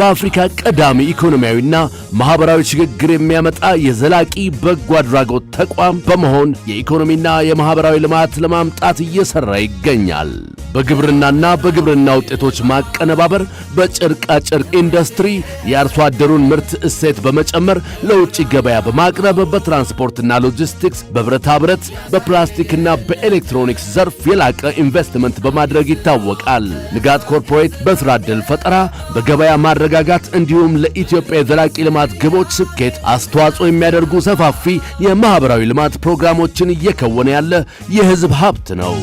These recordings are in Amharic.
በአፍሪካ ቀዳሚ ኢኮኖሚያዊና ማህበራዊ ሽግግር የሚያመጣ የዘላቂ በጎ አድራጎት ተቋም በመሆን የኢኮኖሚና የማህበራዊ ልማት ለማምጣት እየሰራ ይገኛል። በግብርናና በግብርና ውጤቶች ማቀነባበር፣ በጨርቃጨርቅ ኢንዱስትሪ የአርሶ አደሩን ምርት እሴት በመጨመር ለውጭ ገበያ በማቅረብ በትራንስፖርትና ሎጂስቲክስ፣ በብረታ ብረት፣ በፕላስቲክና በኤሌክትሮኒክስ ዘርፍ የላቀ ኢንቨስትመንት በማድረግ ይታወቃል። ንጋት ኮርፖሬት በስራ ዕድል ፈጠራ፣ በገበያ ማድረግ መረጋጋት እንዲሁም ለኢትዮጵያ የዘላቂ ልማት ግቦች ስኬት አስተዋጽኦ የሚያደርጉ ሰፋፊ የማህበራዊ ልማት ፕሮግራሞችን እየከወነ ያለ የህዝብ ሀብት ነው።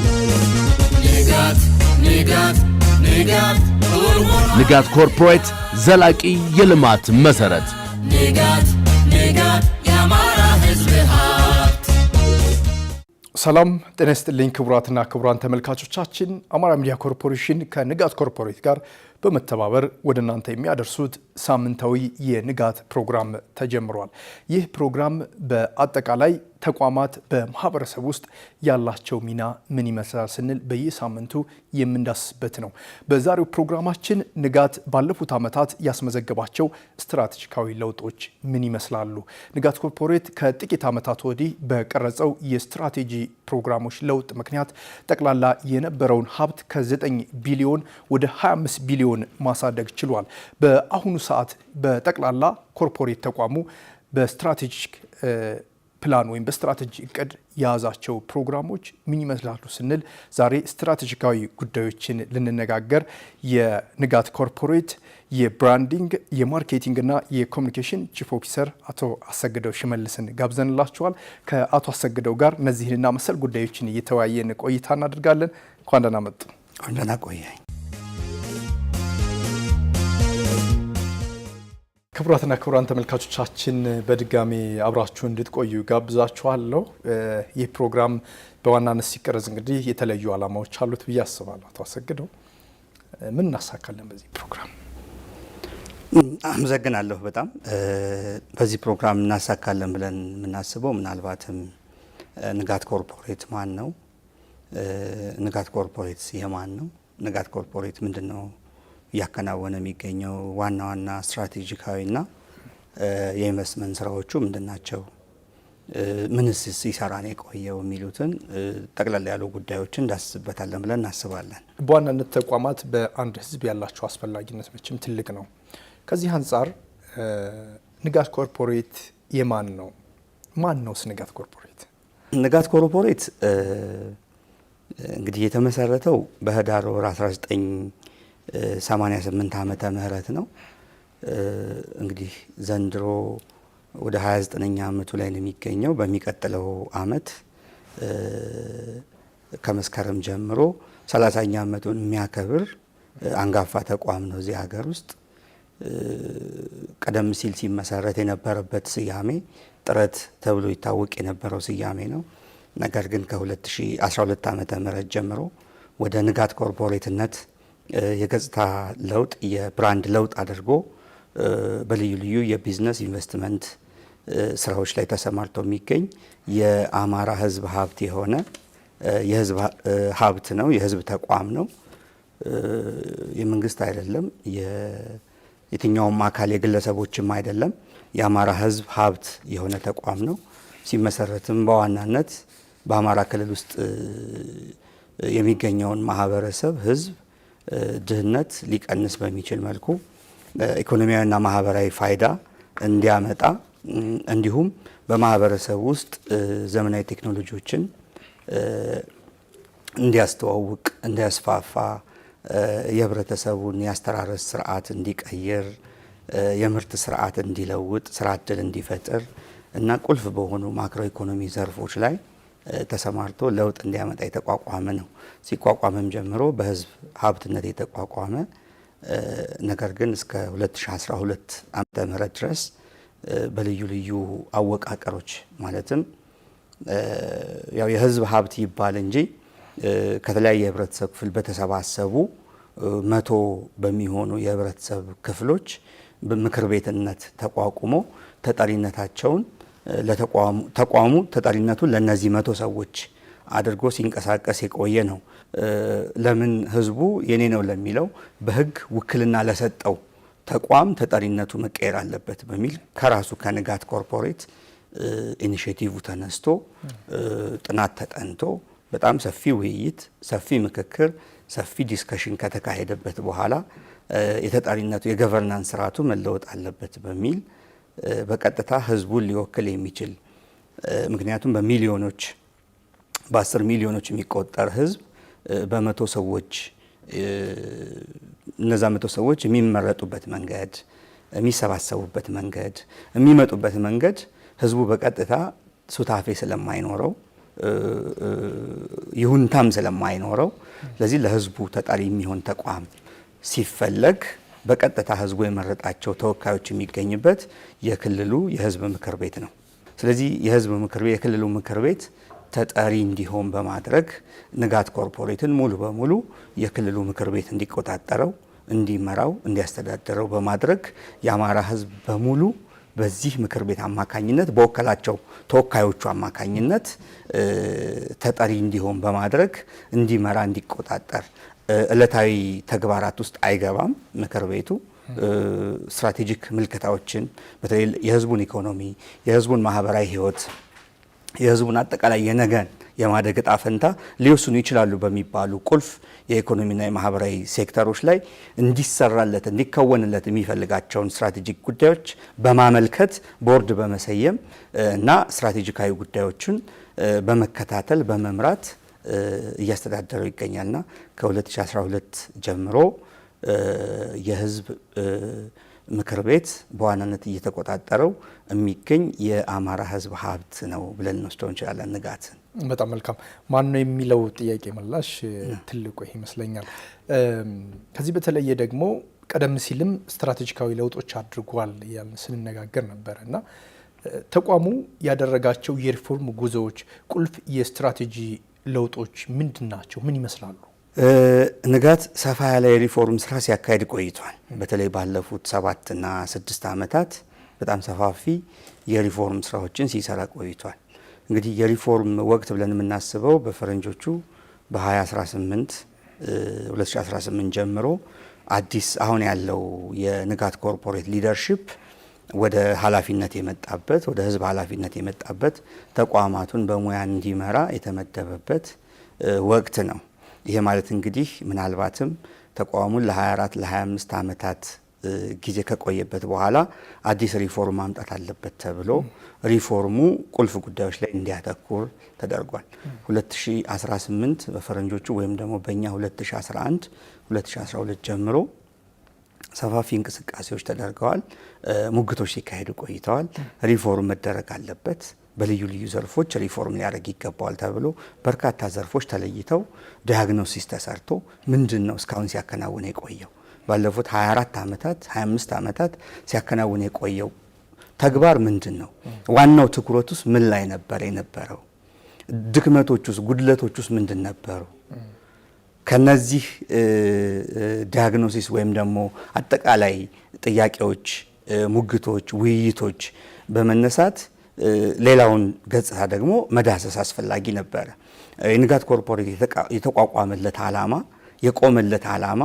ንጋት ኮርፖሬት ዘላቂ የልማት መሰረት ሰላም ጤና ይስጥልኝ ክቡራትና ክቡራን ተመልካቾቻችን፣ አማራ ሚዲያ ኮርፖሬሽን ከንጋት ኮርፖሬት ጋር በመተባበር ወደ እናንተ የሚያደርሱት ሳምንታዊ የንጋት ፕሮግራም ተጀምሯል። ይህ ፕሮግራም በአጠቃላይ ተቋማት በማህበረሰብ ውስጥ ያላቸው ሚና ምን ይመስላል ስንል በየሳምንቱ የምንዳስስበት ነው። በዛሬው ፕሮግራማችን ንጋት ባለፉት ዓመታት ያስመዘገባቸው ስትራቴጂካዊ ለውጦች ምን ይመስላሉ? ንጋት ኮርፖሬት ከጥቂት ዓመታት ወዲህ በቀረጸው የስትራቴጂ ፕሮግራሞች ለውጥ ምክንያት ጠቅላላ የነበረውን ሀብት ከ9 ቢሊዮን ወደ 25 ቢሊዮን ማሳደግ ችሏል። በአሁኑ ሰዓት በጠቅላላ ኮርፖሬት ተቋሙ በስትራቴጂክ ፕላን ወይም በስትራቴጂ እቅድ የያዛቸው ፕሮግራሞች ምን ይመስላሉ ስንል ዛሬ ስትራቴጂካዊ ጉዳዮችን ልንነጋገር የንጋት ኮርፖሬት የብራንዲንግ የማርኬቲንግ እና የኮሚኒኬሽን ቺፍ ኦፊሰር አቶ አሰግደው ሽመልስን ጋብዘንላችኋል። ከአቶ አሰግደው ጋር እነዚህንና መሰል ጉዳዮችን እየተወያየን ቆይታ እናደርጋለን። እንኳን ደህና መጡ። ደህና ቆያኝ ክቡራትና ክቡራን ተመልካቾቻችን በድጋሚ አብራችሁ እንድትቆዩ ጋብዛችኋለሁ። ይህ ፕሮግራም በዋናነት ሲቀረጽ እንግዲህ የተለያዩ ዓላማዎች አሉት ብዬ አስባለሁ። አቶ አሰግደው ምን እናሳካለን በዚህ ፕሮግራም? አመሰግናለሁ። በጣም በዚህ ፕሮግራም እናሳካለን ብለን የምናስበው ምናልባትም ንጋት ኮርፖሬት ማን ነው? ንጋት ኮርፖሬት የማን ነው? ንጋት ኮርፖሬት ምንድን ነው እያከናወነ የሚገኘው ዋና ዋና ስትራቴጂካዊና የኢንቨስትመንት ስራዎቹ ምንድናቸው? ናቸው? ምንስ ሲሰራ ነው የቆየው? የሚሉትን ጠቅላላ ያሉ ጉዳዮችን እንዳስስበታለን ብለን እናስባለን። በዋናነት ተቋማት በአንድ ህዝብ ያላቸው አስፈላጊነት መቼም ትልቅ ነው። ከዚህ አንጻር ንጋት ኮርፖሬት የማን ነው? ማን ነውስ ንጋት ኮርፖሬት? ንጋት ኮርፖሬት እንግዲህ የተመሰረተው በህዳር ወር 19 88 ዓመተ ምህረት ነው። እንግዲህ ዘንድሮ ወደ 29ኛ ዓመቱ ላይ ነው የሚገኘው። በሚቀጥለው አመት ከመስከረም ጀምሮ 30ኛ ዓመቱን የሚያከብር አንጋፋ ተቋም ነው እዚህ ሀገር ውስጥ። ቀደም ሲል ሲመሰረት የነበረበት ስያሜ ጥረት ተብሎ ይታወቅ የነበረው ስያሜ ነው። ነገር ግን ከ2012 ዓመተ ምህረት ጀምሮ ወደ ንጋት ኮርፖሬትነት የገጽታ ለውጥ የብራንድ ለውጥ አድርጎ በልዩ ልዩ የቢዝነስ ኢንቨስትመንት ስራዎች ላይ ተሰማርቶ የሚገኝ የአማራ ህዝብ ሀብት የሆነ የህዝብ ሀብት ነው። የህዝብ ተቋም ነው። የመንግስት አይደለም። የትኛውም አካል የግለሰቦችም አይደለም። የአማራ ህዝብ ሀብት የሆነ ተቋም ነው። ሲመሰረትም በዋናነት በአማራ ክልል ውስጥ የሚገኘውን ማህበረሰብ ህዝብ? ድህነት ሊቀንስ በሚችል መልኩ ኢኮኖሚያዊና ማህበራዊ ፋይዳ እንዲያመጣ እንዲሁም በማህበረሰብ ውስጥ ዘመናዊ ቴክኖሎጂዎችን እንዲያስተዋውቅ እንዲያስፋፋ የህብረተሰቡን የአስተራረስ ስርዓት እንዲቀይር የምርት ስርዓት እንዲለውጥ ስራ እድል እንዲፈጥር እና ቁልፍ በሆኑ ማክሮ ኢኮኖሚ ዘርፎች ላይ ተሰማርቶ ለውጥ እንዲያመጣ የተቋቋመ ነው። ሲቋቋምም ጀምሮ በህዝብ ሀብትነት የተቋቋመ ነገር ግን እስከ 2012 ዓመተ ምህረት ድረስ በልዩ ልዩ አወቃቀሮች ማለትም ያው የህዝብ ሀብት ይባል እንጂ ከተለያየ የህብረተሰብ ክፍል በተሰባሰቡ መቶ በሚሆኑ የህብረተሰብ ክፍሎች ምክር ቤትነት ተቋቁሞ ተጠሪነታቸውን ተቋሙ ተጠሪነቱን ለእነዚህ መቶ ሰዎች አድርጎ ሲንቀሳቀስ የቆየ ነው። ለምን ህዝቡ የኔ ነው ለሚለው በህግ ውክልና ለሰጠው ተቋም ተጠሪነቱ መቀየር አለበት በሚል ከራሱ ከንጋት ኮርፖሬት ኢኒሽቲቭ ተነስቶ ጥናት ተጠንቶ በጣም ሰፊ ውይይት፣ ሰፊ ምክክር፣ ሰፊ ዲስከሽን ከተካሄደበት በኋላ የተጠሪነቱ የገቨርናንስ ስርዓቱ መለወጥ አለበት በሚል በቀጥታ ህዝቡን ሊወክል የሚችል ምክንያቱም በሚሊዮኖች በአስር ሚሊዮኖች የሚቆጠር ህዝብ በመቶ ሰዎች እነዛ መቶ ሰዎች የሚመረጡበት መንገድ የሚሰባሰቡበት መንገድ የሚመጡበት መንገድ ህዝቡ በቀጥታ ሱታፌ ስለማይኖረው ይሁንታም ስለማይኖረው ስለዚህ ለህዝቡ ተጠሪ የሚሆን ተቋም ሲፈለግ በቀጥታ ህዝቡ የመረጣቸው ተወካዮች የሚገኝበት የክልሉ የህዝብ ምክር ቤት ነው። ስለዚህ የህዝብ ምክር ቤት የክልሉ ምክር ቤት ተጠሪ እንዲሆን በማድረግ ንጋት ኮርፖሬትን ሙሉ በሙሉ የክልሉ ምክር ቤት እንዲቆጣጠረው፣ እንዲመራው፣ እንዲያስተዳደረው በማድረግ የአማራ ህዝብ በሙሉ በዚህ ምክር ቤት አማካኝነት በወከላቸው ተወካዮቹ አማካኝነት ተጠሪ እንዲሆን በማድረግ እንዲመራ፣ እንዲቆጣጠር ዕለታዊ ተግባራት ውስጥ አይገባም። ምክር ቤቱ ስትራቴጂክ ምልከታዎችን በተለይ የህዝቡን ኢኮኖሚ፣ የህዝቡን ማህበራዊ ህይወት፣ የህዝቡን አጠቃላይ የነገን የማደግ እጣ ፈንታ ሊወስኑ ይችላሉ በሚባሉ ቁልፍ የኢኮኖሚና የማህበራዊ ሴክተሮች ላይ እንዲሰራለት እንዲከወንለት የሚፈልጋቸውን ስትራቴጂክ ጉዳዮች በማመልከት ቦርድ በመሰየም እና ስትራቴጂካዊ ጉዳዮችን በመከታተል በመምራት እያስተዳደረው ይገኛልና ከ2012 ጀምሮ የህዝብ ምክር ቤት በዋናነት እየተቆጣጠረው የሚገኝ የአማራ ህዝብ ሀብት ነው ብለን እንወስደው እንችላለን። ንጋትን በጣም መልካም ማን ነው የሚለው ጥያቄ ምላሽ ትልቁ ይህ ይመስለኛል። ከዚህ በተለየ ደግሞ ቀደም ሲልም ስትራቴጂካዊ ለውጦች አድርጓል ስንነጋገር ነበረ እና ተቋሙ ያደረጋቸው የሪፎርም ጉዞዎች ቁልፍ የስትራቴጂ ለውጦች ምንድን ናቸው? ምን ይመስላሉ? ንጋት ሰፋ ያለ የሪፎርም ስራ ሲያካሄድ ቆይቷል። በተለይ ባለፉት ሰባትና ስድስት ዓመታት በጣም ሰፋፊ የሪፎርም ስራዎችን ሲሰራ ቆይቷል። እንግዲህ የሪፎርም ወቅት ብለን የምናስበው በፈረንጆቹ በ2018 2018 ጀምሮ አዲስ አሁን ያለው የንጋት ኮርፖሬት ሊደርሺፕ ወደ ኃላፊነት የመጣበት ወደ ህዝብ ኃላፊነት የመጣበት ተቋማቱን በሙያ እንዲመራ የተመደበበት ወቅት ነው። ይሄ ማለት እንግዲህ ምናልባትም ተቋሙን ለ24 ለ25 ዓመታት ጊዜ ከቆየበት በኋላ አዲስ ሪፎርም ማምጣት አለበት ተብሎ ሪፎርሙ ቁልፍ ጉዳዮች ላይ እንዲያተኩር ተደርጓል። 2018 በፈረንጆቹ ወይም ደግሞ በእኛ 2011 2012 ጀምሮ ሰፋፊ እንቅስቃሴዎች ተደርገዋል። ሙግቶች ሲካሄዱ ቆይተዋል። ሪፎርም መደረግ አለበት በልዩ ልዩ ዘርፎች ሪፎርም ሊያደርግ ይገባዋል ተብሎ በርካታ ዘርፎች ተለይተው ዲያግኖሲስ ተሰርቶ ምንድን ነው እስካሁን ሲያከናውን የቆየው ባለፉት 24 ዓመታት 25 ዓመታት ሲያከናውን የቆየው ተግባር ምንድን ነው? ዋናው ትኩረቱስ ምን ላይ ነበር የነበረው? ድክመቶቹስ፣ ጉድለቶቹስ ምንድን ነበሩ? ከነዚህ ዲያግኖሲስ ወይም ደግሞ አጠቃላይ ጥያቄዎች፣ ሙግቶች፣ ውይይቶች በመነሳት ሌላውን ገጽታ ደግሞ መዳሰስ አስፈላጊ ነበረ። የንጋት ኮርፖሬት የተቋቋመለት ዓላማ የቆመለት ዓላማ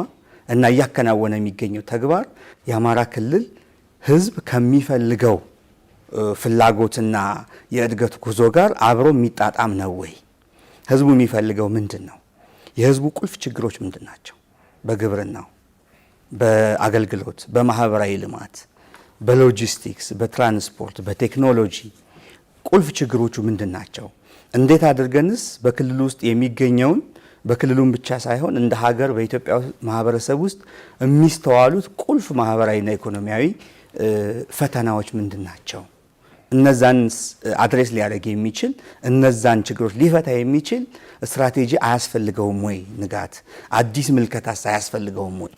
እና እያከናወነ የሚገኘው ተግባር የአማራ ክልል ሕዝብ ከሚፈልገው ፍላጎትና የእድገት ጉዞ ጋር አብሮ የሚጣጣም ነው ወይ? ሕዝቡ የሚፈልገው ምንድን ነው? የህዝቡ ቁልፍ ችግሮች ምንድን ናቸው? በግብርናው፣ በአገልግሎት፣ በማህበራዊ ልማት፣ በሎጂስቲክስ፣ በትራንስፖርት፣ በቴክኖሎጂ ቁልፍ ችግሮቹ ምንድን ናቸው? እንዴት አድርገንስ በክልሉ ውስጥ የሚገኘውን በክልሉም ብቻ ሳይሆን እንደ ሀገር በኢትዮጵያ ማህበረሰብ ውስጥ የሚስተዋሉት ቁልፍ ማህበራዊና ኢኮኖሚያዊ ፈተናዎች ምንድን ናቸው? እነዛን አድሬስ ሊያደርግ የሚችል እነዛን ችግሮች ሊፈታ የሚችል ስትራቴጂ አያስፈልገውም ወይ? ንጋት አዲስ ምልከታስ አያስፈልገውም ወይ?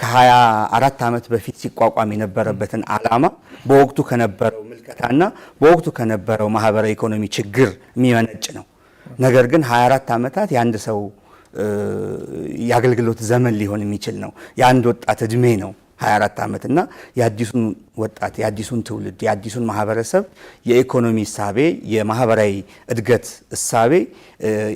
ከሀያ አራት ዓመት በፊት ሲቋቋም የነበረበትን ዓላማ በወቅቱ ከነበረው ምልከታና በወቅቱ ከነበረው ማህበራዊ ኢኮኖሚ ችግር የሚመነጭ ነው። ነገር ግን 24 ዓመታት የአንድ ሰው የአገልግሎት ዘመን ሊሆን የሚችል ነው። የአንድ ወጣት እድሜ ነው። 24 ዓመት እና የአዲሱን ወጣት የአዲሱን ትውልድ የአዲሱን ማህበረሰብ የኢኮኖሚ እሳቤ የማህበራዊ እድገት እሳቤ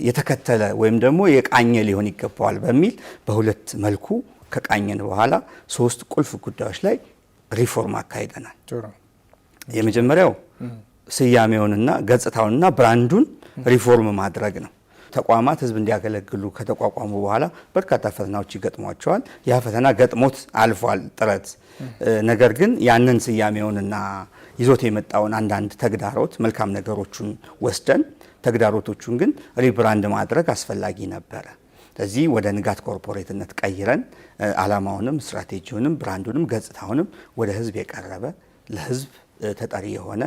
የተከተለ ወይም ደግሞ የቃኘ ሊሆን ይገባዋል በሚል በሁለት መልኩ ከቃኘን በኋላ ሶስት ቁልፍ ጉዳዮች ላይ ሪፎርም አካሂደናል። የመጀመሪያው ስያሜውንና ገጽታውንና ብራንዱን ሪፎርም ማድረግ ነው። ተቋማት ህዝብ እንዲያገለግሉ ከተቋቋሙ በኋላ በርካታ ፈተናዎች ይገጥሟቸዋል። ያ ፈተና ገጥሞት አልፏል ጥረት። ነገር ግን ያንን ስያሜውንና ይዞት የመጣውን አንዳንድ ተግዳሮት መልካም ነገሮቹን ወስደን ተግዳሮቶቹን ግን ሪብራንድ ማድረግ አስፈላጊ ነበረ። ስለዚህ ወደ ንጋት ኮርፖሬትነት ቀይረን አላማውንም ስትራቴጂውንም፣ ብራንዱንም፣ ገጽታውንም ወደ ህዝብ የቀረበ ለህዝብ ተጠሪ የሆነ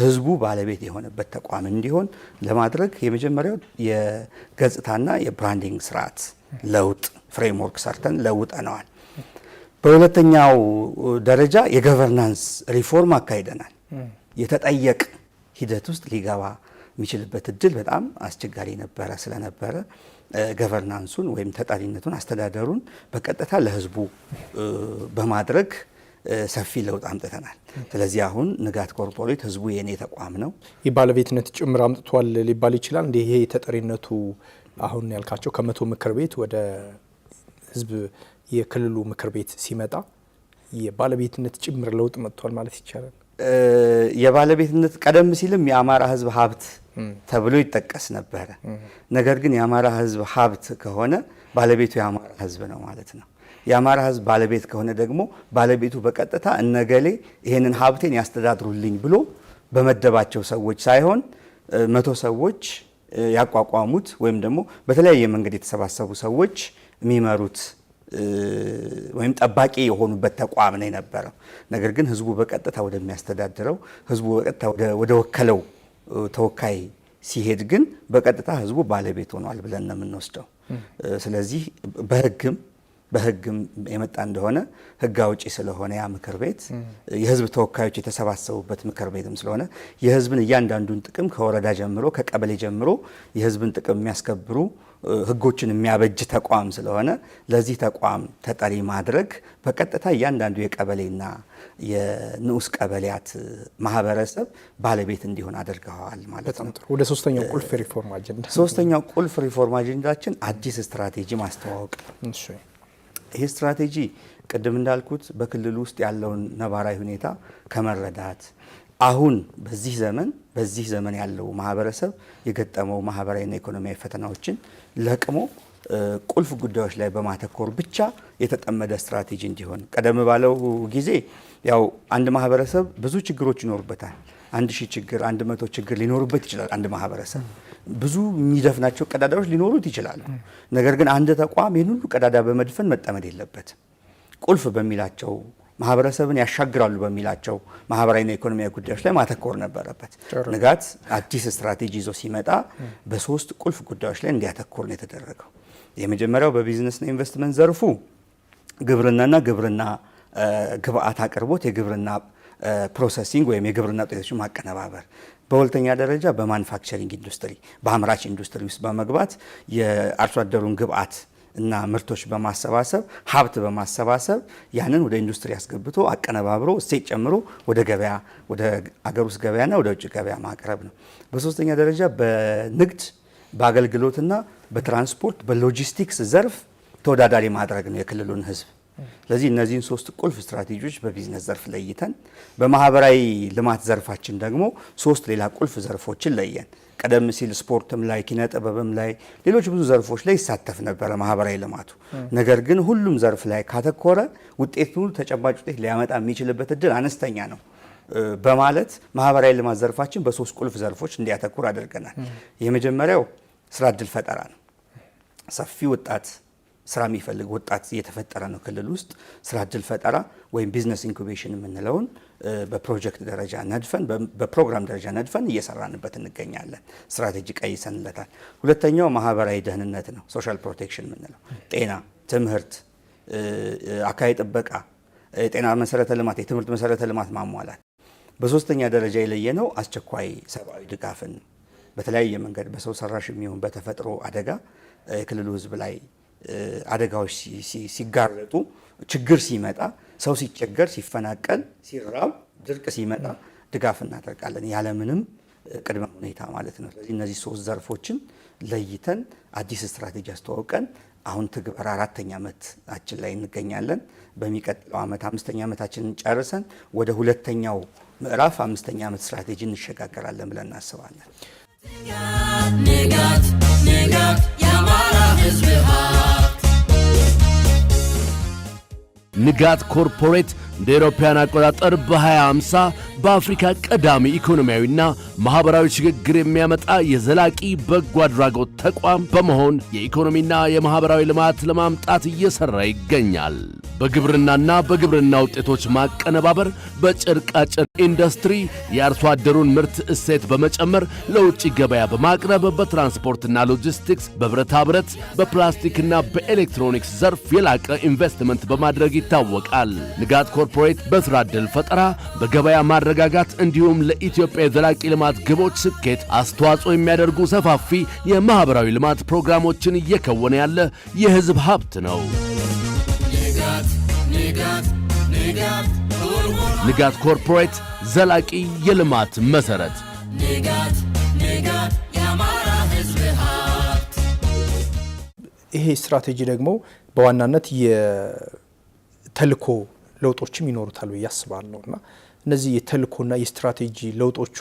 ህዝቡ ባለቤት የሆነበት ተቋም እንዲሆን ለማድረግ የመጀመሪያው የገጽታና የብራንዲንግ ስርዓት ለውጥ ፍሬምወርክ ሰርተን ለውጠነዋል። በሁለተኛው ደረጃ የገቨርናንስ ሪፎርም አካሂደናል። የተጠየቅ ሂደት ውስጥ ሊገባ የሚችልበት እድል በጣም አስቸጋሪ ነበረ ስለነበረ ገቨርናንሱን ወይም ተጠሪነቱን አስተዳደሩን በቀጥታ ለህዝቡ በማድረግ ሰፊ ለውጥ አምጥተናል። ስለዚህ አሁን ንጋት ኮርፖሬት ህዝቡ የእኔ ተቋም ነው የባለቤትነት ጭምር አምጥቷል ሊባል ይችላል። እንዲህ ይሄ ተጠሪነቱ አሁን ያልካቸው ከመቶ ምክር ቤት ወደ ህዝብ የክልሉ ምክር ቤት ሲመጣ የባለቤትነት ጭምር ለውጥ መጥቷል ማለት ይቻላል። የባለቤትነት ቀደም ሲልም የአማራ ህዝብ ሀብት ተብሎ ይጠቀስ ነበረ። ነገር ግን የአማራ ህዝብ ሀብት ከሆነ ባለቤቱ የአማራ ህዝብ ነው ማለት ነው። የአማራ ህዝብ ባለቤት ከሆነ ደግሞ ባለቤቱ በቀጥታ እነገሌ ይሄንን ሀብቴን ያስተዳድሩልኝ ብሎ በመደባቸው ሰዎች ሳይሆን መቶ ሰዎች ያቋቋሙት ወይም ደግሞ በተለያየ መንገድ የተሰባሰቡ ሰዎች የሚመሩት ወይም ጠባቂ የሆኑበት ተቋም ነው የነበረው። ነገር ግን ህዝቡ በቀጥታ ወደሚያስተዳድረው ህዝቡ በቀጥታ ወደ ወከለው ተወካይ ሲሄድ ግን በቀጥታ ህዝቡ ባለቤት ሆኗል ብለን ነው የምንወስደው። ስለዚህ በህግም። በህግም የመጣ እንደሆነ ህግ አውጪ ስለሆነ ያ ምክር ቤት የህዝብ ተወካዮች የተሰባሰቡበት ምክር ቤትም ስለሆነ የህዝብን እያንዳንዱን ጥቅም ከወረዳ ጀምሮ ከቀበሌ ጀምሮ የህዝብን ጥቅም የሚያስከብሩ ህጎችን የሚያበጅ ተቋም ስለሆነ ለዚህ ተቋም ተጠሪ ማድረግ በቀጥታ እያንዳንዱ የቀበሌና የንዑስ ቀበሌያት ማህበረሰብ ባለቤት እንዲሆን አድርገዋል ማለት ነው። ወደ ሶስተኛው ቁልፍ ሪፎርም አጀንዳ ሶስተኛው ቁልፍ ሪፎርም አጀንዳችን አዲስ ስትራቴጂ ማስተዋወቅ ይሄ ስትራቴጂ ቅድም እንዳልኩት በክልሉ ውስጥ ያለውን ነባራዊ ሁኔታ ከመረዳት አሁን በዚህ ዘመን በዚህ ዘመን ያለው ማህበረሰብ የገጠመው ማህበራዊና ኢኮኖሚያዊ ፈተናዎችን ለቅሞ ቁልፍ ጉዳዮች ላይ በማተኮር ብቻ የተጠመደ ስትራቴጂ እንዲሆን ቀደም ባለው ጊዜ ያው አንድ ማህበረሰብ ብዙ ችግሮች ይኖሩበታል። አንድ ሺህ ችግር አንድ መቶ ችግር ሊኖሩበት ይችላል አንድ ማህበረሰብ ብዙ የሚደፍናቸው ቀዳዳዎች ሊኖሩት ይችላሉ። ነገር ግን አንድ ተቋም ይህን ሁሉ ቀዳዳ በመድፈን መጠመድ የለበትም። ቁልፍ በሚላቸው ማህበረሰብን ያሻግራሉ በሚላቸው ማህበራዊና ኢኮኖሚያዊ ጉዳዮች ላይ ማተኮር ነበረበት። ንጋት አዲስ ስትራቴጂ ይዞ ሲመጣ በሶስት ቁልፍ ጉዳዮች ላይ እንዲያተኮር ነው የተደረገው። የመጀመሪያው በቢዝነስና ኢንቨስትመንት ዘርፉ ግብርናና ግብርና ግብአት አቅርቦት የግብርና ፕሮሰሲንግ ወይም የግብርና ውጤቶችን ማቀነባበር በሁለተኛ ደረጃ በማኑፋክቸሪንግ ኢንዱስትሪ በአምራች ኢንዱስትሪ ውስጥ በመግባት የአርሶ አደሩን ግብአት እና ምርቶች በማሰባሰብ ሀብት በማሰባሰብ ያንን ወደ ኢንዱስትሪ አስገብቶ አቀነባብሮ እሴት ጨምሮ ወደ ገበያ ወደ አገር ውስጥ ገበያና ወደ ውጭ ገበያ ማቅረብ ነው። በሶስተኛ ደረጃ በንግድ በአገልግሎትና በትራንስፖርት በሎጂስቲክስ ዘርፍ ተወዳዳሪ ማድረግ ነው የክልሉን ህዝብ ስለዚህ እነዚህን ሶስት ቁልፍ ስትራቴጂዎች በቢዝነስ ዘርፍ ለይተን በማህበራዊ ልማት ዘርፋችን ደግሞ ሶስት ሌላ ቁልፍ ዘርፎችን ለየን። ቀደም ሲል ስፖርትም ላይ ኪነ ጥበብም ላይ ሌሎች ብዙ ዘርፎች ላይ ይሳተፍ ነበረ ማህበራዊ ልማቱ። ነገር ግን ሁሉም ዘርፍ ላይ ካተኮረ ውጤቱ ተጨባጭ ውጤት ሊያመጣ የሚችልበት እድል አነስተኛ ነው በማለት ማህበራዊ ልማት ዘርፋችን በሶስት ቁልፍ ዘርፎች እንዲያተኩር አድርገናል። የመጀመሪያው ስራ እድል ፈጠራ ነው። ሰፊ ወጣት ስራ የሚፈልግ ወጣት እየተፈጠረ ነው ክልል ውስጥ። ስራ እድል ፈጠራ ወይም ቢዝነስ ኢንኩቤሽን የምንለውን በፕሮጀክት ደረጃ ነድፈን በፕሮግራም ደረጃ ነድፈን እየሰራንበት እንገኛለን። ስትራቴጂ ቀይሰንለታል። ሁለተኛው ማህበራዊ ደህንነት ነው፣ ሶሻል ፕሮቴክሽን የምንለው ጤና፣ ትምህርት፣ አካባቢ ጥበቃ፣ የጤና መሰረተ ልማት፣ የትምህርት መሰረተ ልማት ማሟላት። በሶስተኛ ደረጃ የለየነው አስቸኳይ ሰብአዊ ድጋፍን በተለያየ መንገድ በሰው ሰራሽ የሚሆን በተፈጥሮ አደጋ የክልሉ ህዝብ ላይ አደጋዎች ሲጋረጡ፣ ችግር ሲመጣ፣ ሰው ሲቸገር፣ ሲፈናቀል፣ ሲራብ፣ ድርቅ ሲመጣ ድጋፍ እናደርጋለን ያለምንም ቅድመ ሁኔታ ማለት ነው። ስለዚህ እነዚህ ሶስት ዘርፎችን ለይተን አዲስ ስትራቴጂ አስተዋውቀን አሁን ትግበር አራተኛ ዓመታችን ላይ እንገኛለን። በሚቀጥለው ዓመት አምስተኛ ዓመታችንን ጨርሰን ወደ ሁለተኛው ምዕራፍ አምስተኛ ዓመት ስትራቴጂ እንሸጋገራለን ብለን እናስባለን። ንጋት ኮርፖሬት እንደ አውሮፓውያን አቆጣጠር በ2050 በአፍሪካ ቀዳሚ ኢኮኖሚያዊና ማኅበራዊ ሽግግር የሚያመጣ የዘላቂ በጎ አድራጎት ተቋም በመሆን የኢኮኖሚና የማኅበራዊ ልማት ለማምጣት እየሠራ ይገኛል። በግብርናና በግብርና ውጤቶች ማቀነባበር፣ በጨርቃጨርቅ ኢንዱስትሪ የአርሶ አደሩን ምርት እሴት በመጨመር ለውጭ ገበያ በማቅረብ በትራንስፖርትና ሎጂስቲክስ፣ በብረታ ብረት፣ በፕላስቲክና በኤሌክትሮኒክስ ዘርፍ የላቀ ኢንቨስትመንት በማድረግ ይታወቃል። ንጋት ኮርፖሬት በስራ ዕድል ፈጠራ፣ በገበያ ማረጋጋት እንዲሁም ለኢትዮጵያ የዘላቂ ልማት ግቦች ስኬት አስተዋጽኦ የሚያደርጉ ሰፋፊ የማኅበራዊ ልማት ፕሮግራሞችን እየከወነ ያለ የሕዝብ ሀብት ነው። ንጋት ኮርፖሬት ዘላቂ የልማት መሠረት ይሄ ስትራቴጂ ደግሞ በዋናነት የተልኮ ለውጦችም ይኖሩታል ብዬ አስባለሁ እና እነዚህ የተልኮና የስትራቴጂ ለውጦቹ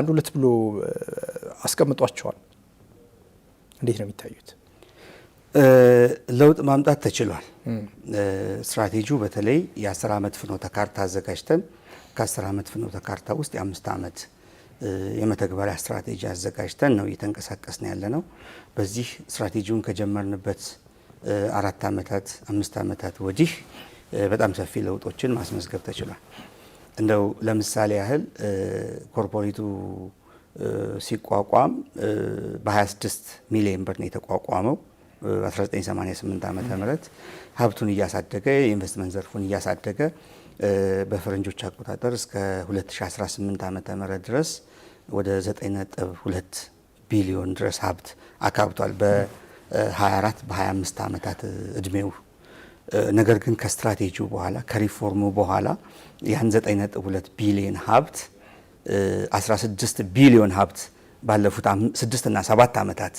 አንድ ሁለት ብሎ አስቀምጧቸዋል። እንዴት ነው የሚታዩት? ለውጥ ማምጣት ተችሏል። ስትራቴጂው በተለይ የ10 ዓመት ፍኖተ ካርታ አዘጋጅተን ከ10 ዓመት ፍኖተ ካርታ ውስጥ የአምስት ዓመት የመተግበሪያ ስትራቴጂ አዘጋጅተን ነው እየተንቀሳቀስን ያለ ነው። በዚህ ስትራቴጂውን ከጀመርንበት አራት ዓመታት አምስት ዓመታት ወዲህ በጣም ሰፊ ለውጦችን ማስመዝገብ ተችሏል። እንደው ለምሳሌ ያህል ኮርፖሬቱ ሲቋቋም በ26 ሚሊዮን ብር ነው የተቋቋመው። 1988 ዓ ም ሀብቱን እያሳደገ የኢንቨስትመንት ዘርፉን እያሳደገ በፈረንጆች አቆጣጠር እስከ 2018 ዓ ም ድረስ ወደ 9.2 ቢሊዮን ድረስ ሀብት አካብቷል በ24 በ25 ዓመታት እድሜው። ነገር ግን ከስትራቴጂው በኋላ ከሪፎርሙ በኋላ ያን 9.2 ቢሊዮን ሀብት 16 ቢሊዮን ሀብት ባለፉት ስድስትና ሰባት ዓመታት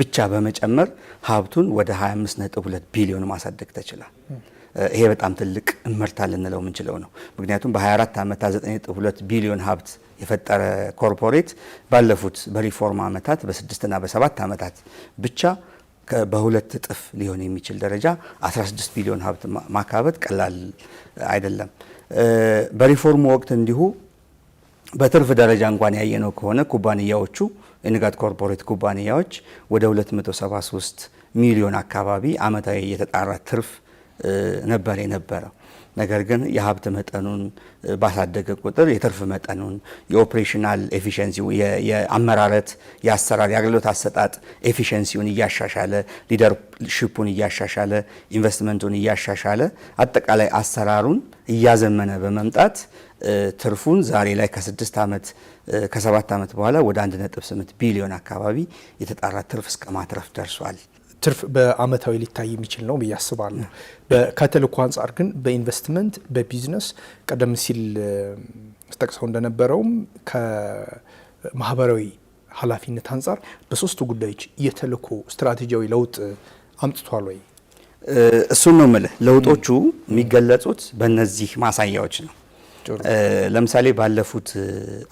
ብቻ በመጨመር ሀብቱን ወደ 25.2 ቢሊዮን ማሳደግ ተችሏል። ይሄ በጣም ትልቅ እመርታ ልንለው የምንችለው ነው። ምክንያቱም በ24 ዓመታት 9.2 ቢሊዮን ሀብት የፈጠረ ኮርፖሬት ባለፉት በሪፎርም ዓመታት በስድስትና በሰባት ዓመታት ብቻ በሁለት እጥፍ ሊሆን የሚችል ደረጃ 16 ቢሊዮን ሀብት ማካበት ቀላል አይደለም። በሪፎርሙ ወቅት እንዲሁ በትርፍ ደረጃ እንኳን ያየነው ከሆነ ኩባንያዎቹ የንጋት ኮርፖሬት ኩባንያዎች ወደ 273 ሚሊዮን አካባቢ አመታዊ የተጣራ ትርፍ ነበር የነበረው። ነገር ግን የሀብት መጠኑን ባሳደገ ቁጥር የትርፍ መጠኑን የኦፕሬሽናል ኤፊሽንሲ የአመራረት የአሰራር የአገልግሎት አሰጣጥ ኤፊሽንሲውን እያሻሻለ ሊደርሽፑን እያሻሻለ ኢንቨስትመንቱን እያሻሻለ አጠቃላይ አሰራሩን እያዘመነ በመምጣት ትርፉን ዛሬ ላይ ከስድስት ዓመት ከሰባት ዓመት በኋላ ወደ 1.8 ቢሊዮን አካባቢ የተጣራ ትርፍ እስከ ማትረፍ ደርሷል። ትርፍ በአመታዊ ሊታይ የሚችል ነው ብዬ አስባለሁ። ከተልእኮ አንጻር ግን በኢንቨስትመንት በቢዝነስ ቀደም ሲል ጠቅሰው እንደነበረውም ከማህበራዊ ኃላፊነት አንጻር በሶስቱ ጉዳዮች የተልእኮ ስትራቴጂያዊ ለውጥ አምጥቷል ወይ? እሱን ነው የምልህ። ለውጦቹ የሚገለጹት በእነዚህ ማሳያዎች ነው። ለምሳሌ ባለፉት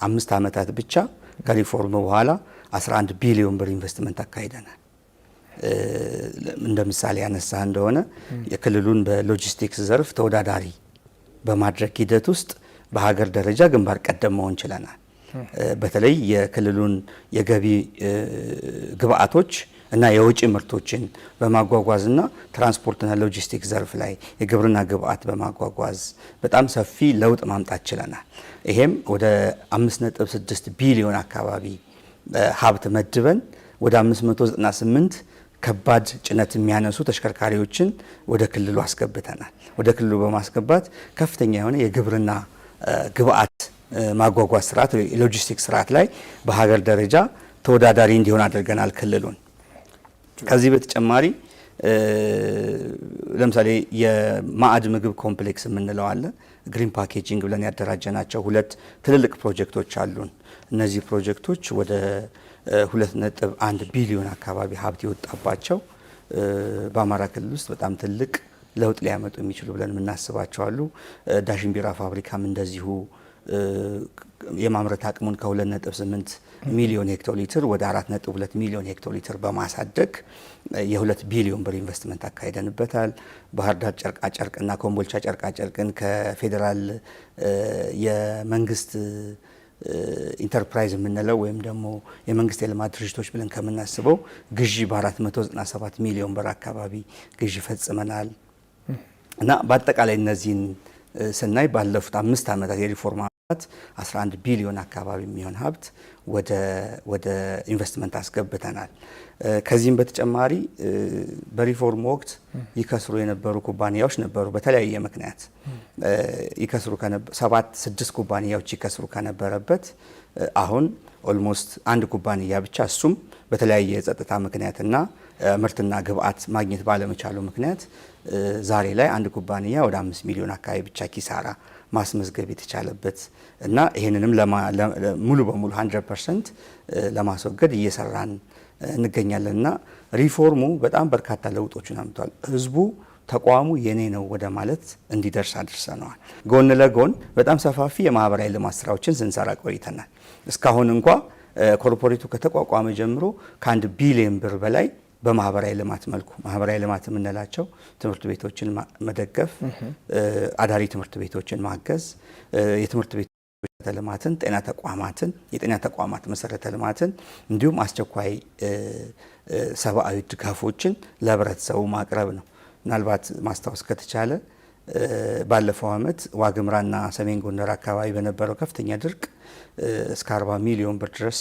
አምስት ዓመታት ብቻ ከሪፎርም በኋላ 11 ቢሊዮን ብር ኢንቨስትመንት አካሂደናል። እንደ ምሳሌ ያነሳ እንደሆነ የክልሉን በሎጂስቲክስ ዘርፍ ተወዳዳሪ በማድረግ ሂደት ውስጥ በሀገር ደረጃ ግንባር ቀደም መሆን ችለናል። በተለይ የክልሉን የገቢ ግብአቶች እና የውጭ ምርቶችን በማጓጓዝና ትራንስፖርትና ሎጂስቲክስ ዘርፍ ላይ የግብርና ግብአት በማጓጓዝ በጣም ሰፊ ለውጥ ማምጣት ችለናል። ይሄም ወደ 5.6 ቢሊዮን አካባቢ ሀብት መድበን ወደ 598 ከባድ ጭነት የሚያነሱ ተሽከርካሪዎችን ወደ ክልሉ አስገብተናል። ወደ ክልሉ በማስገባት ከፍተኛ የሆነ የግብርና ግብአት ማጓጓዝ ስርዓት፣ የሎጂስቲክስ ስርዓት ላይ በሀገር ደረጃ ተወዳዳሪ እንዲሆን አድርገናል ክልሉን። ከዚህ በተጨማሪ ለምሳሌ የማዕድ ምግብ ኮምፕሌክስ የምንለው አለ። ግሪን ፓኬጂንግ ብለን ያደራጀናቸው ሁለት ትልልቅ ፕሮጀክቶች አሉን። እነዚህ ፕሮጀክቶች ወደ 2.1 ቢሊዮን አካባቢ ሀብት የወጣባቸው በአማራ ክልል ውስጥ በጣም ትልቅ ለውጥ ሊያመጡ የሚችሉ ብለን የምናስባቸው አሉ። ዳሽን ቢራ ፋብሪካም እንደዚሁ የማምረት አቅሙን ከ2.8 ሚሊዮን ሄክቶሊትር ሊትር ወደ 4.2 ሚሊዮን ሄክቶሊትር በማሳደግ የ2 ቢሊዮን ብር ኢንቨስትመንት አካሂደንበታል። ባህር ዳር ጨርቃጨርቅና ኮምቦልቻ ጨርቃጨርቅን ከፌዴራል የመንግስት ኢንተርፕራይዝ የምንለው ወይም ደግሞ የመንግስት የልማት ድርጅቶች ብለን ከምናስበው ግዢ በ497 ሚሊዮን ብር አካባቢ ግዢ ፈጽመናል እና በአጠቃላይ እነዚህን ስናይ ባለፉት አምስት ዓመታት የሪፎርም 11 ቢሊዮን አካባቢ የሚሆን ሀብት ወደ ኢንቨስትመንት አስገብተናል። ከዚህም በተጨማሪ በሪፎርም ወቅት ይከስሩ የነበሩ ኩባንያዎች ነበሩ። በተለያየ ምክንያት ይከስሩ ሰባት ስድስት ኩባንያዎች ይከስሩ ከነበረበት አሁን ኦልሞስት አንድ ኩባንያ ብቻ እሱም በተለያየ የጸጥታ ምክንያትና ምርትና ግብአት ማግኘት ባለመቻሉ ምክንያት ዛሬ ላይ አንድ ኩባንያ ወደ አምስት ሚሊዮን አካባቢ ብቻ ኪሳራ ማስመዝገብ የተቻለበት እና ይህንንም ሙሉ በሙሉ 100 ፐርሰንት ለማስወገድ እየሰራን እንገኛለን እና ሪፎርሙ በጣም በርካታ ለውጦችን አምቷል። ህዝቡ ተቋሙ የኔ ነው ወደ ማለት እንዲደርስ አድርሰነዋል። ጎን ለጎን በጣም ሰፋፊ የማህበራዊ ልማት ስራዎችን ስንሰራ ቆይተናል። እስካሁን እንኳ ኮርፖሬቱ ከተቋቋመ ጀምሮ ከአንድ ቢሊዮን ብር በላይ በማህበራዊ ልማት መልኩ ማህበራዊ ልማት የምንላቸው ትምህርት ቤቶችን መደገፍ፣ አዳሪ ትምህርት ቤቶችን ማገዝ፣ የትምህርት ቤት ልማትን፣ ጤና ተቋማትን፣ የጤና ተቋማት መሰረተ ልማትን እንዲሁም አስቸኳይ ሰብአዊ ድጋፎችን ለህብረተሰቡ ማቅረብ ነው። ምናልባት ማስታወስ ከተቻለ ባለፈው ዓመት ዋግምራና ሰሜን ጎንደር አካባቢ በነበረው ከፍተኛ ድርቅ እስከ 40 ሚሊዮን ብር ድረስ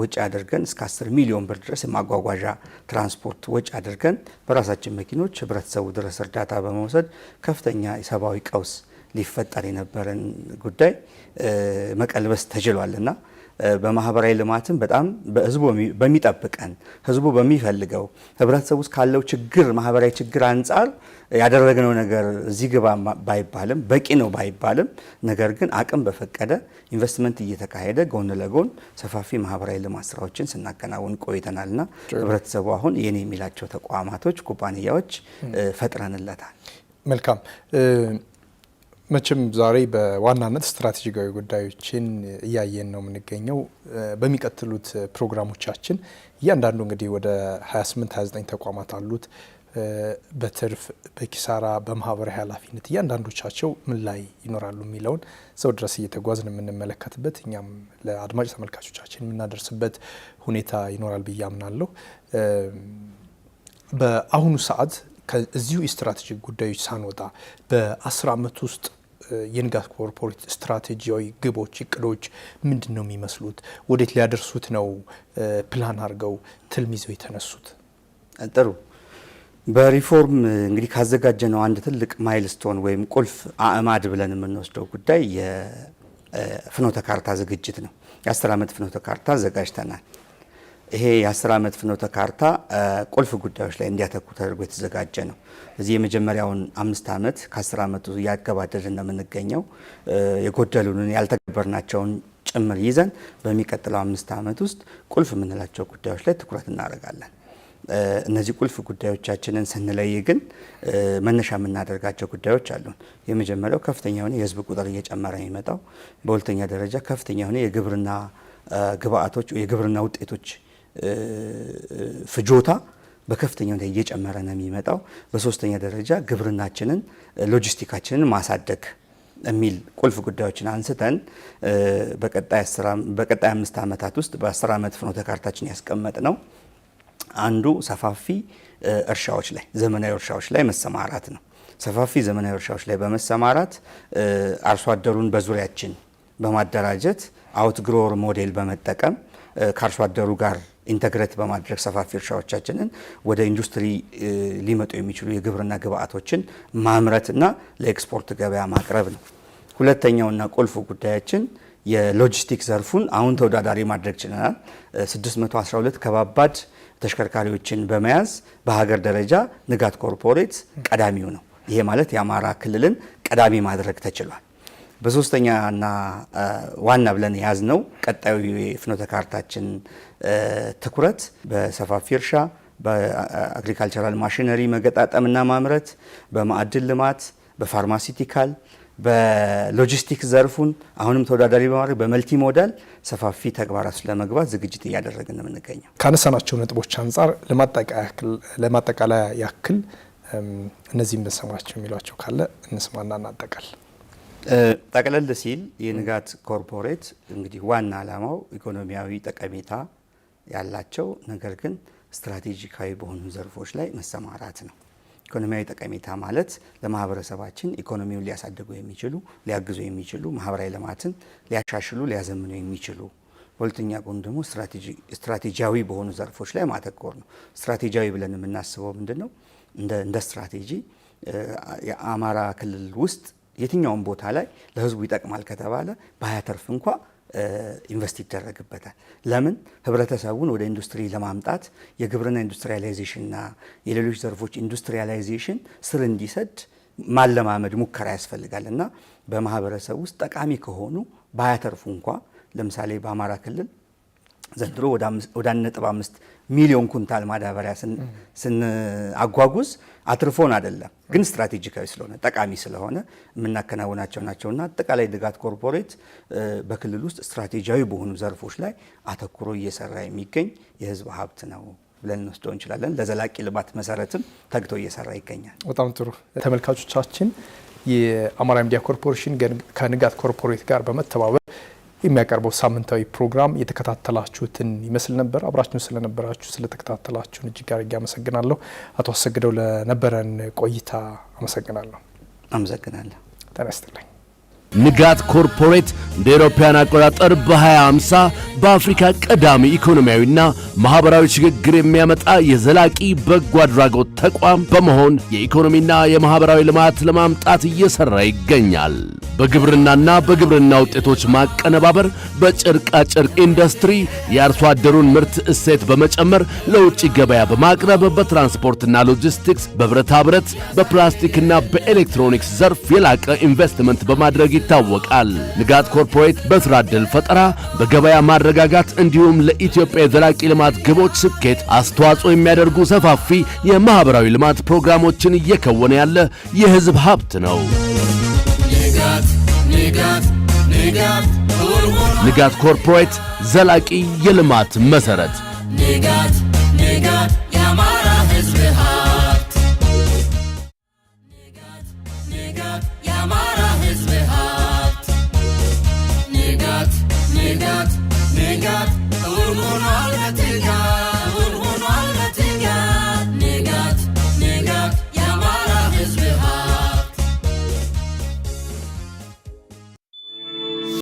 ወጪ አድርገን እስከ 10 ሚሊዮን ብር ድረስ የማጓጓዣ ትራንስፖርት ወጪ አድርገን በራሳችን መኪኖች ህብረተሰቡ ድረስ እርዳታ በመውሰድ ከፍተኛ የሰብአዊ ቀውስ ሊፈጠር የነበረን ጉዳይ መቀልበስ ተችሏልና በማህበራዊ ልማትም በጣም በህዝቡ በሚጠብቀን ህዝቡ በሚፈልገው ህብረተሰብ ውስጥ ካለው ችግር ማህበራዊ ችግር አንጻር ያደረግነው ነገር እዚህ ግባ ባይባልም በቂ ነው ባይባልም፣ ነገር ግን አቅም በፈቀደ ኢንቨስትመንት እየተካሄደ ጎን ለጎን ሰፋፊ ማህበራዊ ልማት ስራዎችን ስናከናውን ቆይተናልና ህብረተሰቡ አሁን የኔ የሚላቸው ተቋማቶች፣ ኩባንያዎች ፈጥረንለታል። መልካም መቼም ዛሬ በዋናነት ስትራቴጂካዊ ጉዳዮችን እያየን ነው የምንገኘው። በሚቀጥሉት ፕሮግራሞቻችን እያንዳንዱ እንግዲህ ወደ 28 29 ተቋማት አሉት። በትርፍ በኪሳራ በማህበራዊ ኃላፊነት እያንዳንዶቻቸው ምን ላይ ይኖራሉ የሚለውን ሰው ድረስ እየተጓዝን የምንመለከትበት እኛም ለአድማጭ ተመልካቾቻችን የምናደርስበት ሁኔታ ይኖራል ብዬ አምናለሁ። በአሁኑ ሰዓት ከዚሁ የስትራቴጂክ ጉዳዮች ሳንወጣ በአስር ዓመት ውስጥ የንጋት ኮርፖሬት ስትራቴጂያዊ ግቦች፣ እቅዶች ምንድን ነው የሚመስሉት? ወዴት ሊያደርሱት ነው ፕላን አድርገው ትልም ይዘው የተነሱት? ጥሩ። በሪፎርም እንግዲህ ካዘጋጀነው አንድ ትልቅ ማይልስቶን ወይም ቁልፍ አእማድ ብለን የምንወስደው ጉዳይ የፍኖተ ካርታ ዝግጅት ነው። የአስር ዓመት ፍኖተ ካርታ አዘጋጅተናል። ይሄ የአስር ዓመት ፍኖተ ካርታ ቁልፍ ጉዳዮች ላይ እንዲያተኩር ተደርጎ የተዘጋጀ ነው። እዚህ የመጀመሪያውን አምስት ዓመት ከአስር ዓመቱ እያገባደድን ነው የምንገኘው። የጎደሉንን ያልተገበርናቸውን ጭምር ይዘን በሚቀጥለው አምስት ዓመት ውስጥ ቁልፍ የምንላቸው ጉዳዮች ላይ ትኩረት እናደርጋለን። እነዚህ ቁልፍ ጉዳዮቻችንን ስንለይ ግን መነሻ የምናደርጋቸው ጉዳዮች አሉን። የመጀመሪያው ከፍተኛ የሆነ የህዝብ ቁጥር እየጨመረ የሚመጣው፣ በሁለተኛ ደረጃ ከፍተኛ የሆነ የግብርና ግብአቶች የግብርና ውጤቶች ፍጆታ በከፍተኛ ሁኔታ እየጨመረ ነው የሚመጣው። በሶስተኛ ደረጃ ግብርናችንን፣ ሎጂስቲካችንን ማሳደግ የሚል ቁልፍ ጉዳዮችን አንስተን በቀጣይ አምስት ዓመታት ውስጥ በአስር ዓመት ፍኖተ ካርታችን ያስቀመጥ ነው አንዱ ሰፋፊ እርሻዎች ላይ ዘመናዊ እርሻዎች ላይ መሰማራት ነው። ሰፋፊ ዘመናዊ እርሻዎች ላይ በመሰማራት አርሶ አደሩን በዙሪያችን በማደራጀት አውትግሮር ሞዴል በመጠቀም ከአርሶ አደሩ ጋር ኢንተግሬት በማድረግ ሰፋፊ እርሻዎቻችንን ወደ ኢንዱስትሪ ሊመጡ የሚችሉ የግብርና ግብአቶችን ማምረትና ለኤክስፖርት ገበያ ማቅረብ ነው። ሁለተኛውና ቁልፉ ጉዳያችን የሎጂስቲክ ዘርፉን አሁን ተወዳዳሪ ማድረግ ችለናል። 612 ከባባድ ተሽከርካሪዎችን በመያዝ በሀገር ደረጃ ንጋት ኮርፖሬት ቀዳሚው ነው። ይሄ ማለት የአማራ ክልልን ቀዳሚ ማድረግ ተችሏል። በሶስተኛና ዋና ብለን የያዝነው ቀጣዩ የፍኖተ ካርታችን ትኩረት በሰፋፊ እርሻ፣ በአግሪካልቸራል ማሽነሪ መገጣጠምና ማምረት፣ በማዕድን ልማት፣ በፋርማሲቲካል፣ በሎጂስቲክስ ዘርፉን አሁንም ተወዳዳሪ በማድረግ በመልቲ ሞዳል ሰፋፊ ተግባራት ለመግባት ዝግጅት እያደረግን ነው የምንገኘው። ካነሳናቸው ነጥቦች አንጻር ለማጠቃለያ ያክል እነዚህ የምንሰማቸው የሚሏቸው ካለ እንስማና እናጠቃል። ጠቅለል ሲል የንጋት ኮርፖሬት እንግዲህ ዋና ዓላማው ኢኮኖሚያዊ ጠቀሜታ ያላቸው ነገር ግን ስትራቴጂካዊ በሆኑ ዘርፎች ላይ መሰማራት ነው። ኢኮኖሚያዊ ጠቀሜታ ማለት ለማህበረሰባችን ኢኮኖሚውን ሊያሳድጉ የሚችሉ ሊያግዙ የሚችሉ ማህበራዊ ልማትን ሊያሻሽሉ ሊያዘምኑ የሚችሉ በሁለተኛ ጎን ደግሞ ስትራቴጂያዊ በሆኑ ዘርፎች ላይ ማተኮር ነው። ስትራቴጂያዊ ብለን የምናስበው ምንድን ነው? እንደ ስትራቴጂ የአማራ ክልል ውስጥ የትኛውም ቦታ ላይ ለህዝቡ ይጠቅማል ከተባለ ባያተርፍ እንኳ ኢንቨስት ይደረግበታል። ለምን ህብረተሰቡን ወደ ኢንዱስትሪ ለማምጣት የግብርና ኢንዱስትሪያላይዜሽንና የሌሎች ዘርፎች ኢንዱስትሪያላይዜሽን ስር እንዲሰድ ማለማመድ ሙከራ ያስፈልጋል እና በማህበረሰብ ውስጥ ጠቃሚ ከሆኑ ባያተርፉ እንኳ ለምሳሌ በአማራ ክልል ዘንድሮ ወደ አንድ ነጥብ አምስት ሚሊዮን ኩንታል ማዳበሪያ ስናጓጉዝ አትርፎን አይደለም ግን ስትራቴጂካዊ ስለሆነ ጠቃሚ ስለሆነ የምናከናውናቸው ናቸውና አጠቃላይ ንጋት ኮርፖሬት በክልል ውስጥ ስትራቴጂያዊ በሆኑ ዘርፎች ላይ አተኩሮ እየሰራ የሚገኝ የህዝብ ሀብት ነው ብለን እንወስደው እንችላለን። ለዘላቂ ልማት መሰረትም ተግቶ እየሰራ ይገኛል። በጣም ጥሩ ተመልካቾቻችን፣ የአማራ ሚዲያ ኮርፖሬሽን ከንጋት ኮርፖሬት ጋር በመተባበር የሚያቀርበው ሳምንታዊ ፕሮግራም የተከታተላችሁትን ይመስል ነበር። አብራችሁን ስለነበራችሁ ስለተከታተላችሁን እጅግ አድርጌ አመሰግናለሁ። አቶ አሰግደው ለነበረን ቆይታ አመሰግናለሁ። አመሰግናለሁ። ጤና ይስጥልኝ። ንጋት ኮርፖሬት እንደ አውሮፓውያን አቆጣጠር በ2050 በአፍሪካ ቀዳሚ ኢኮኖሚያዊና ማኅበራዊ ሽግግር የሚያመጣ የዘላቂ በጎ አድራጎት ተቋም በመሆን የኢኮኖሚና የማኅበራዊ ልማት ለማምጣት እየሠራ ይገኛል። በግብርናና በግብርና ውጤቶች ማቀነባበር፣ በጨርቃጨርቅ ኢንዱስትሪ የአርሶ አደሩን ምርት እሴት በመጨመር ለውጭ ገበያ በማቅረብ በትራንስፖርትና ሎጂስቲክስ፣ በብረታ ብረት፣ በፕላስቲክና በኤሌክትሮኒክስ ዘርፍ የላቀ ኢንቨስትመንት በማድረግ ይታወቃል። ንጋት ኮርፖሬት በስራ ዕድል ፈጠራ፣ በገበያ ማረጋጋት እንዲሁም ለኢትዮጵያ የዘላቂ ልማት ግቦች ስኬት አስተዋጽኦ የሚያደርጉ ሰፋፊ የማህበራዊ ልማት ፕሮግራሞችን እየከወነ ያለ የህዝብ ሀብት ነው። ንጋት ኮርፖሬት ዘላቂ የልማት መሰረት